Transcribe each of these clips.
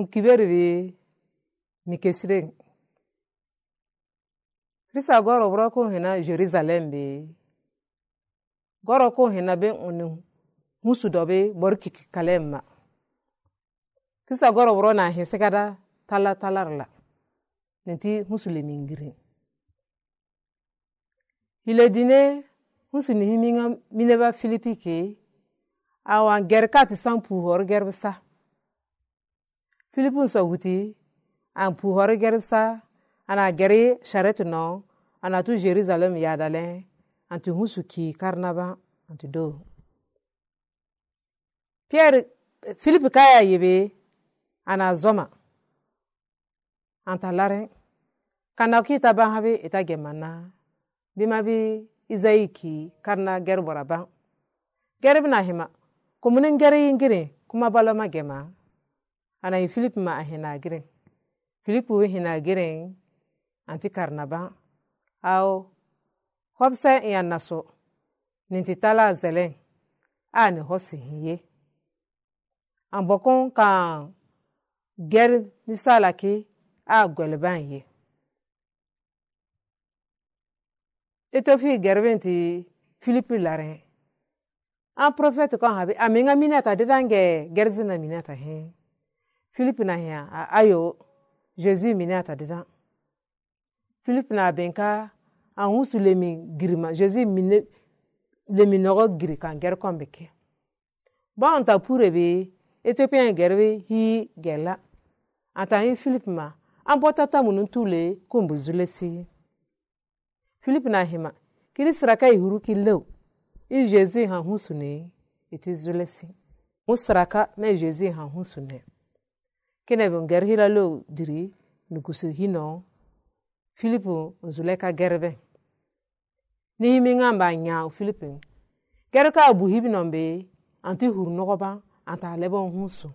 nkiberibi mikesireng krista goro buro ku hina jerusalem bi goro ku hina bi unu husu dobi bor kiki kalemma krista goro buro na hi hisigada tala talarla nanti husu le mingiri hiledine husu ni himinga mineba filipi ke awan gerka ti san puhor gerbsa Filipin so wuti an pu hori gerisa ana geri shareti no ana tu Jerusalem yadale anti husu ki karnaba anti do Pierre Philip kaya yebe ana zoma anta lare kana kita ban habi ita e gemanna bima bi izayi ki karna gerbora ban gerbi na hima kumunin geri yingire kuma baloma gema Hanayi filip ma a hinagiring Filipi wu hinagiring anti karnaba aw hobsa n yan nasu ninti tala zelen ani hobsi hinye an bokun kan ger nisalaki a gwelban ye ito fi gerbi ti Filipi lare an profeti kon habi a miga minata didange gerzina minata hee Philippe na hiya, a ayo Jésus mini ata didan Philippe na benka an husu lemi girima Jésus mini lemi nogo giri kan ger kon beke bon ta pure be Ethiopien gerbe hi gela ata hi Philippe ma an bota ta munun tule kumbu zulesi Philippe na hima kiri siraka ihuru ki leo, i Jésus han husu ne iti zulesi musiraka me Jésus han husu ne kene ben ger hila lo diri nukusi hino filipu nzuleka gerbe ni himi ngamba nya filipin gerka abu hibi nombe anti hur nogoba anta lebo hunsu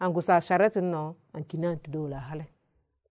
angusa sharetu no ankina antidola hale